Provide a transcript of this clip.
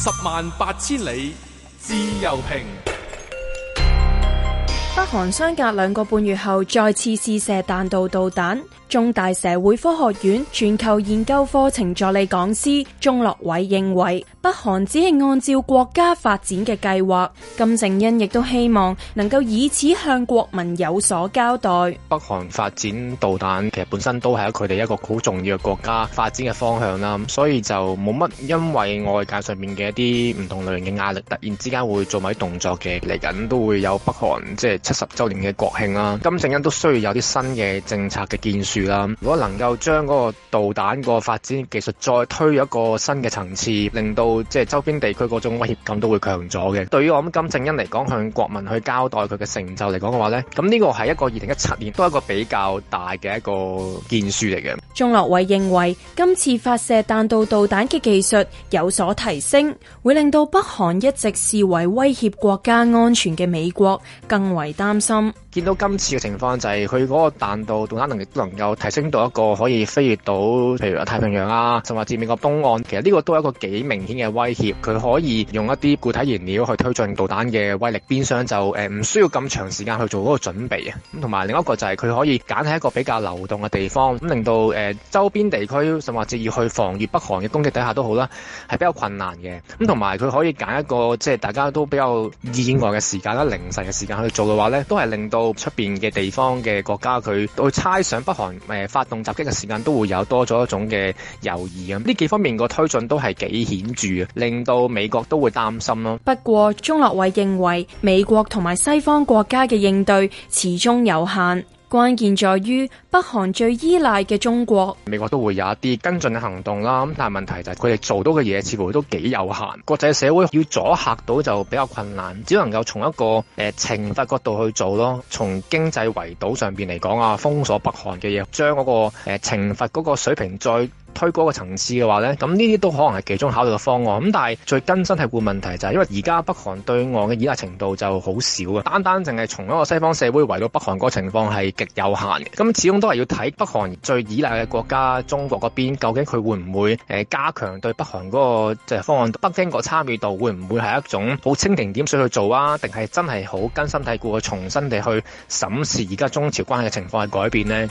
十萬八千里，自由評。北韓相隔兩個半月後，再次試射彈道導彈。中大社會科學院全球研究課程助理講師鍾樂偉認為，北韓只係按照國家發展嘅計劃。金正恩亦都希望能夠以此向國民有所交代。北韓發展導彈其實本身都係佢哋一個好重要嘅國家發展嘅方向啦，所以就冇乜因為外界上面嘅一啲唔同類型嘅壓力，突然之間會做埋動作嘅。嚟緊都會有北韓即係七十周年嘅國慶啦，金正恩都需要有啲新嘅政策嘅建樹。如果能夠將嗰個導彈個發展技術再推入一個新嘅層次，令到即係周邊地區嗰種威脅感都會強咗嘅對於我諗金正恩嚟講，向國民去交代佢嘅成就嚟講嘅話呢，咁呢個係一個二零一七年都係一個比較大嘅一個建樹嚟嘅。鍾樂偉認為，今次發射彈道導彈嘅技術有所提升，會令到北韓一直視為威脅國家安全嘅美國更為擔心。見到今次嘅情況就係佢嗰個彈道導彈能力能夠。提升到一個可以飛越到，譬如太平洋啊，甚至美國東岸，其實呢個都係一個幾明顯嘅威脅。佢可以用一啲固體燃料去推進導彈嘅威力邊箱，就誒唔需要咁長時間去做嗰個準備啊。咁同埋另一個就係、是、佢可以揀喺一個比較流動嘅地方，咁令到誒周邊地區甚至乎去防禦北韓嘅攻擊底下都好啦，係比較困難嘅。咁同埋佢可以揀一個即係大家都比較意外嘅時間啦、凌晨嘅時間去做嘅話呢都係令到出邊嘅地方嘅國家佢去猜想北韓誒發動襲擊嘅時間都會有多咗一種嘅猶豫啊！呢幾方面個推進都係幾顯著啊，令到美國都會擔心咯、啊。不過，鍾樂偉認為美國同埋西方國家嘅應對始終有限。關鍵在於北韓最依賴嘅中國，美國都會有一啲跟進嘅行動啦。咁但係問題就係佢哋做到嘅嘢，似乎都幾有限，國際社會要阻吓到就比較困難，只能夠從一個誒懲罰角度去做咯。從經濟圍堵上邊嚟講啊，封鎖北韓嘅嘢，將嗰個誒懲罰嗰個水平再。推高個層次嘅話呢，咁呢啲都可能係其中考慮嘅方案。咁但係最根深蒂固問題就係因為而家北韓對岸嘅依賴程度就好少嘅，單單淨係從一個西方社會圍到北韓嗰個情況係極有限嘅。咁始終都係要睇北韓最依賴嘅國家中國嗰邊，究竟佢會唔會加強對北韓嗰個即係方案，北京個參與度會唔會係一種好蜻蜓點水去做啊？定係真係好根深蒂固，重新地去審視而家中朝關係嘅情況去改變呢？